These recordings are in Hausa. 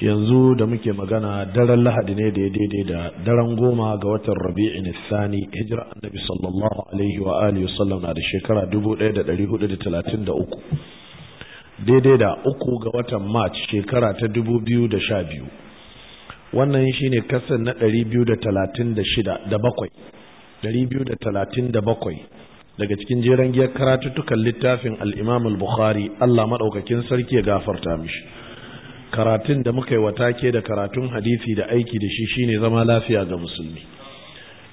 yanzu da muke magana daren lahadi ne da ya daidai da daren goma ga watan rabi'in sani hijira annabi sallallahu alaihi wa alihi wasallam na da shekara 1433 daidai da uku ga watan march shekara ta 2012 wannan shi ne kasan na 236 da bakwai 237 daga cikin jeren giyar karatuttukan littafin al'imamul bukhari Allah madaukakin sarki ya gafarta mishi karatun da muka yi watake da karatun hadisi da aiki da shi shine zama lafiya ga musulmi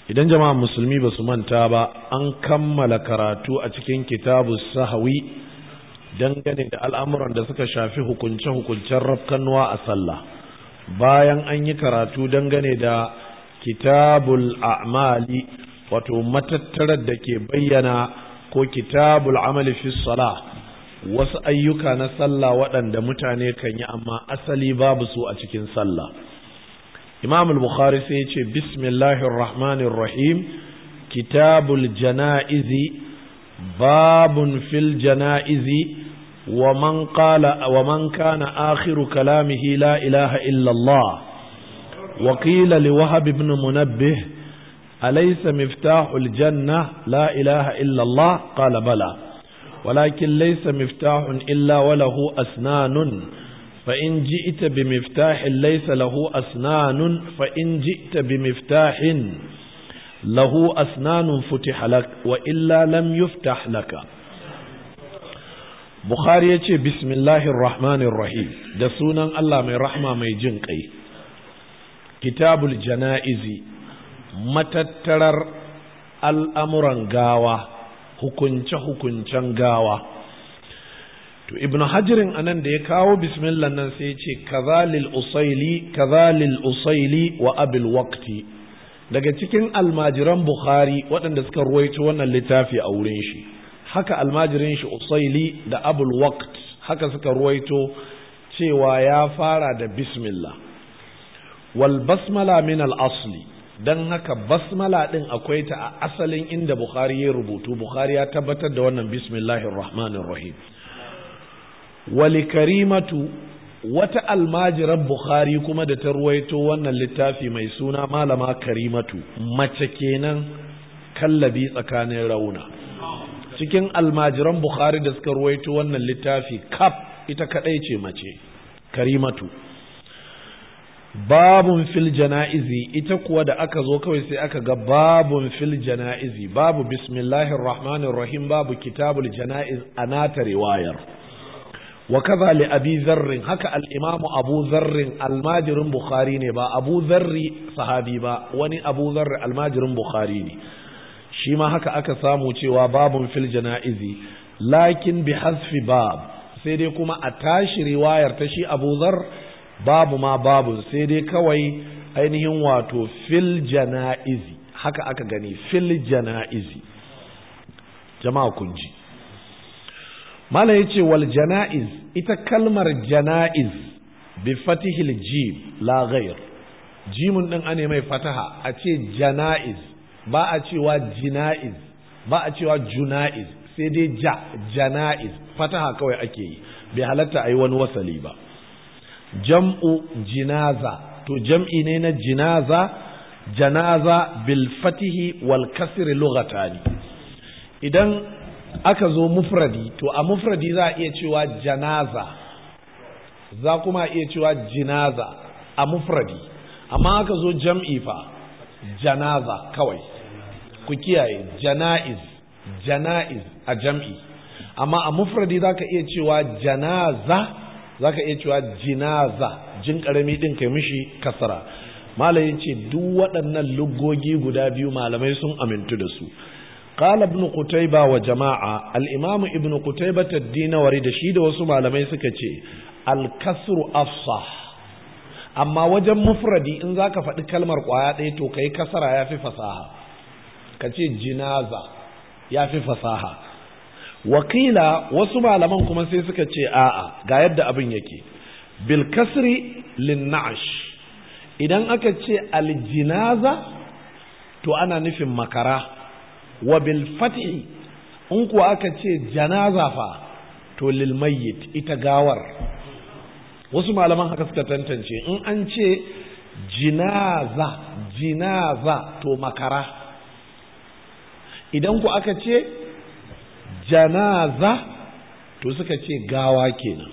idan jama'a musulmi ba su manta ba an kammala karatu a cikin kitabu sahawi dangane da al'amuran da suka shafi hukunce-hukuncen rafkanuwa a sallah bayan an yi karatu dangane da kitabul a'mali wato matattarar da ke bayyana ko kitabul amali fi salah wasu ayyuka na sallah waɗanda mutane kan yi amma asali babu su a cikin sallah imam al-bukhari sai ya ce bismillahir rahmanir rahim kitabul janaizi babun fil janaizi wa man qala wa man kana akhiru kalamihi la ilaha illa Allah wa qila li wahab ibn munabbih alaysa miftahul janna la ilaha illa Allah qala bala walakin laisa miftahun illa walahu asnanun fa in ji'ta bi miftahin laysa lahu asnanun fa in ji'ta bi miftahin lahu asnanun futiha lak wa illa lam yuftah laka Bukhari ya ce bismillahir rahmanir rahim da sunan Allah mai rahma mai jin ƙai. kitabul jana'izi matattarar al'amuran gawa hukunce-hukuncen gawa to ibn hajirin anan da ya kawo bismillah nan sai ce kazalil usaili kazalil usaili wa abil daga cikin almajiran bukhari waɗanda suka ruwaito wannan littafi a wurin shi haka almajirin shi usaili da abul haka suka ruwaito cewa ya fara da bismillah wal basmala min al asli don haka basmala ɗin akwai ta a asalin inda bukhari ya rubutu bukhari ya tabbatar da wannan bismillahir rahmanir rahim wali karimatu wata almajirar bukhari kuma da ta ruwaito wannan littafi mai suna malama karimatu mace kenan kallabi tsakanin rauna cikin almajiran bukhari da suka ruwaito wannan littafi kaf ita kadai ce mace karimatu babun fil jana'izi ita kuwa da aka zo kawai sai aka ga babun fil jana'izi babu bismillahir rahmanir rahim babu kitabul jana'iz anata riwayar wa kaza li abi zarr haka al imam abu zarr al majirin bukhari ne ba abu sahabi ba wani abu zarr al majirin bukhari ne shi ma haka aka samu cewa babun fil jana'izi lakin bi hasfi bab sai dai kuma a tashi riwayar ta shi abu zarr babu ma babu sai dai kawai ainihin wato fil jana'izi haka aka gani fil jana'izi jama'a kun ji mala yace wal jana'iz ita kalmar jana'iz bi fatihil jim la ghair jimun din ane mai fataha a ce jana'iz ba a cewa jina'iz ba a cewa juna'iz sai dai ja jana'iz fataha kawai ake yi bai halatta a yi wani wasali ba jam'u jinaza to jam'i ne na jinaza janaza bilfatihi, fatihi wal kasri lughatani idan aka zo mufradi to a mufradi za a iya cewa janaza za kuma iya cewa jinaza a mufradi amma aka zo jam'i fa janaza kawai ku kiyaye jana'iz jana'iz a jam'i amma a mufradi za ka iya cewa janaza za ka iya cewa jinaza jin karami din kai mishi kasara malayin ce duk waɗannan luggogi guda biyu malamai sun amintu da su ƙala ibn kutaiba wa jama'a al'imamu ibn kutaiba ta da shi da wasu malamai suka ce alkasar afsa amma wajen mufradi in za ka faɗi kalmar ƙwaya ɗaya to ka yi kasara ya fi fasaha ka ce jinaza ya fi fasaha wakila wasu malaman kuma sai suka ce a'a ga yadda abin yake bil kasri lin idan aka ce aljinaza to ana nufin makara wa bil in kuwa aka ce janaza fa to lil ita gawar wasu malaman haka suka tantance in an ce jinaza jinaza to makara idan ku aka ce janaza to suka ce gawa kenan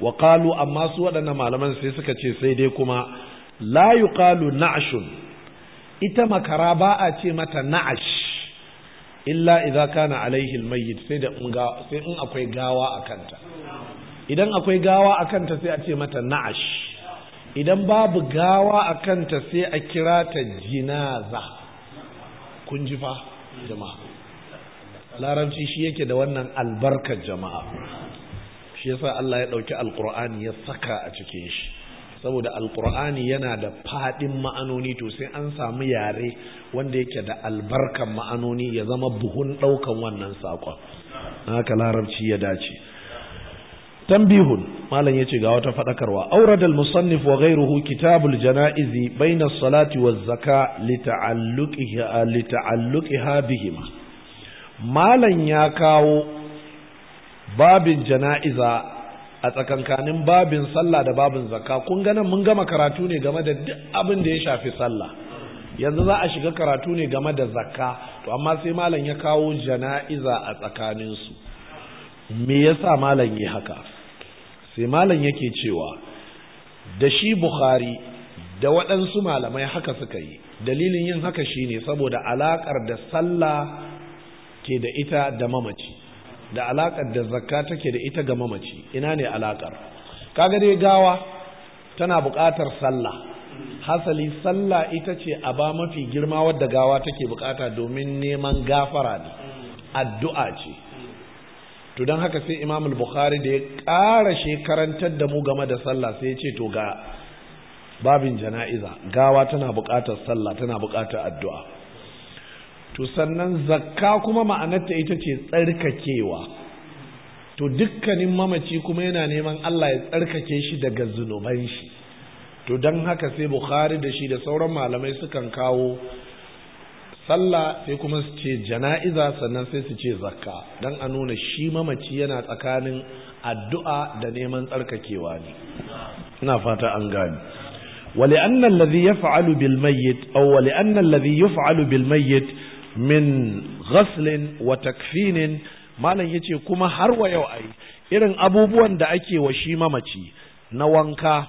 wa qalu amma su waɗannan malaman sai suka ce sai dai kuma la yuqalu na'shun ita makara ba a ce mata na'ash illa idza kana alaihi almayyit sai da sai in akwai gawa a kanta idan akwai gawa a kanta sai a ce mata na'ash idan babu gawa a kanta sai a kira ta jinaza kun ji fa jama'a larabci shi yake da wannan albarkar jama'a shi yasa Allah ya ɗauki alkur'ani ya saka a cikin shi saboda Alƙur'ani yana da faɗin ma'anoni to sai an samu yare wanda yake da albarkar ma'anoni ya zama buhun ɗaukan wannan saƙon haka larabci ya dace tambihun malam yace ga wata fadakarwa. awrad al-musannif wa ghayruhu kitabul janaizi bayna as-salati waz-zaka lita'alluqiha lita'alluqiha bihima Malam ya kawo babin jana'iza a tsakankanin babin sallah da babin zakka kun ganin mun gama karatu ne game da duk abin da ya shafi sallah yanzu za a shiga karatu ne game da zakka to amma sai malam ya kawo jana'iza a tsakaninsu me yasa malam yi haka sai malam yake cewa da shi bukhari da waɗansu malamai haka suka yi dalilin yin haka shine saboda alaƙar da sallah ke da ita da mamaci da alaƙar da zakka take da ita ga mamaci ina ne alakar kaga dai gawa tana buƙatar sallah hasali sallah ita ce a ba mafi girma wadda gawa take buƙata domin neman gafara ne addu'a ce to don haka sai imam bukhari da ya ƙara shekarantar da mu game da sallah sai ya ce to ga babin jana'iza gawa tana buƙatar sallah tana buƙatar addu'a to sannan zakka kuma ma'anarta ita ce tsarkakewa to dukkanin mamaci kuma yana neman Allah ya tsarkake shi daga zunuban shi to don haka sai bukhari da shi da sauran malamai sukan kawo sallah sai kuma su ce jana'iza sannan sai su ce zakka don a nuna shi mamaci yana tsakanin addu'a da neman tsarkakewa ne ina fata an gani ولأن الذي au wali annan ولأن ya min ghaslin wa takfinin malam yace kuma har wa yau ai irin abubuwan da ake wa shi mamaci na wanka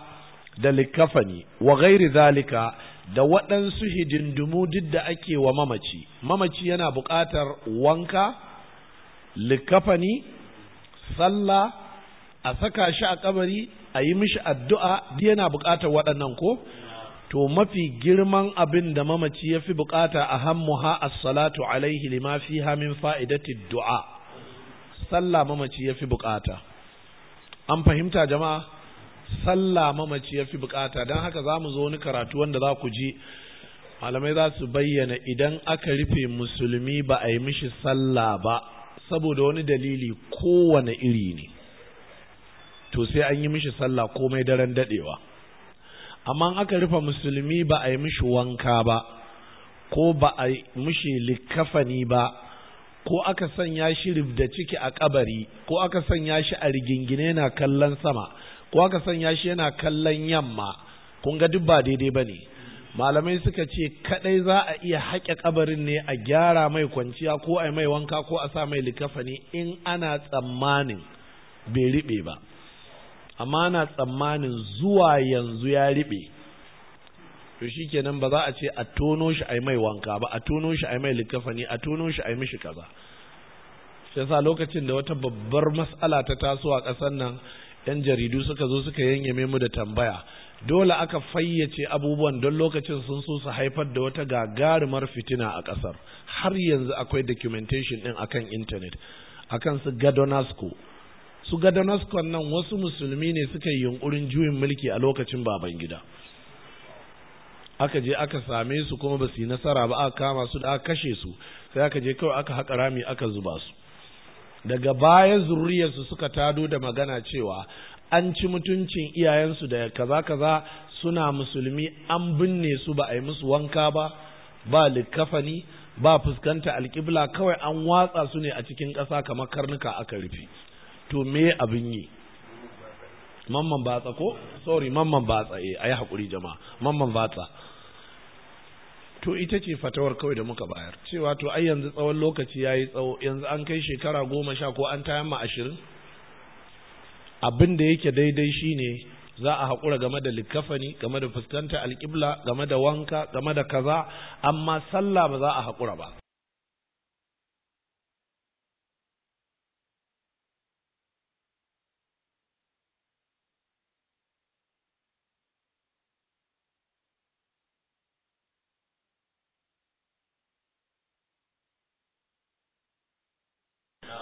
da likafani wa ghairi zalika da waɗansu hidindumu duk da ake wa mamaci mamaci yana buƙatar wanka likafani sallah a saka shi a kabari a yi mishi addu'a yana buƙatar waɗannan ko to mafi girman abin da mamaci ya fi bukata a hammuha a salatu alaihi lima fi hamin fa'idatin du'a sallah mamaci ya fi bukata an fahimta jama'a sallah mamaci ya fi bukata don haka za mu zo wani karatu wanda za ku ji malamai za su bayyana idan aka rufe musulmi ba a yi mishi sallah ba saboda wani dalili kowane iri ne to sai an yi mishi sallah komai daren dadewa amma aka rufe musulmi ba a yi mishi wanka ba ko ba a yi mishi likafani ba ko aka sanya shi da ciki a kabari ko aka sanya shi a rigingine yana kallon sama ko aka sanya shi yana kallon yamma kun ga duk ba daidai ba ne malamai suka ce kadai za a iya haƙe kabarin ne a gyara mai kwanciya ko a yi mai wanka ko a sa mai likafani in ana tsammanin bai riɓe ba amma na tsammanin zuwa yanzu ya riɓe to shi kenan ba za a ce a tono shi a mai wanka ba a tono shi a mai likafani a tono shi a mishi kaza shi sa lokacin da wata babbar matsala ta taso a ƙasar nan yan jaridu suka zo suka yanyame mu da tambaya dole aka fayyace abubuwan don lokacin sun so su haifar da wata gagarumar fitina a ƙasar har yanzu akwai documentation ɗin akan intanet akan su gadonasco su ga damaskon nan wasu musulmi ne suka yi yunkurin juyin mulki a lokacin baban gida aka je aka same su kuma ba su yi nasara ba aka kama su da aka kashe su sai aka je kawai aka haƙa rami aka zuba su daga baya su suka tado da magana cewa an ci mutuncin iyayensu da kaza kaza suna musulmi an binne su ba a yi musu wanka ba ba likafani ba fuskanta alƙibla kawai an watsa su ne a cikin ƙasa kamar karnuka aka rufe to me abin yi mamman batsa ko sorry mamman batsa eh ayi hakuri jama'a mamman batsa to ita ce fatawar kawai da muka bayar cewa to ai yanzu tsawon lokaci yayi tsawo yanzu an kai shekara goma sha ko an tayar ma ashirin abin da yake daidai shine za a haƙura game da likafani game da fuskanta alƙibla game da wanka game da kaza amma sallah ba za a haƙura ba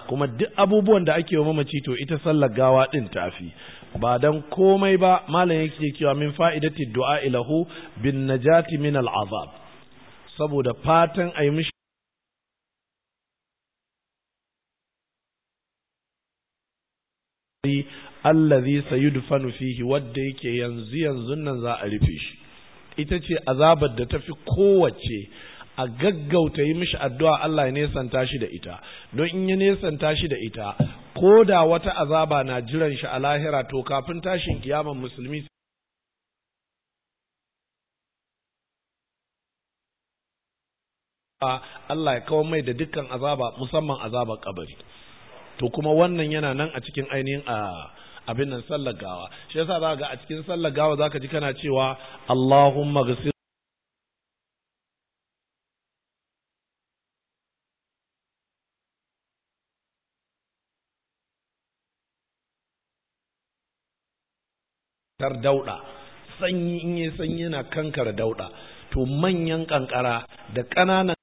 kuma duk abubuwan da ake wa mamaci to ita sallar gawa din tafi ba dan komai ba malam yake cewa min fa'idati du'a ilahu bin najati min al'azab saboda fatan ayi mishi allazi sayudfanu fihi wadda yake yanzu yanzu nan za a rufe shi ita ce azabar da tafi kowace a gaggauta yi mishi addu'a Allah ya nesanta shi da ita don in ya nesanta shi da ita ko da wata azaba na jiran shi a lahira to kafin tashin kiyaman musulmi Allah ya kawo mai da dukkan azaba musamman azabar kabari to kuma wannan yana nan a cikin ainihin a abin nan sallar gawa shi yasa za ga a cikin sallar gawa zaka ji kana cewa Allahumma gasi tar dauda sanyi in yi sanyi yana kankara dauda to manyan kankara da ƙananan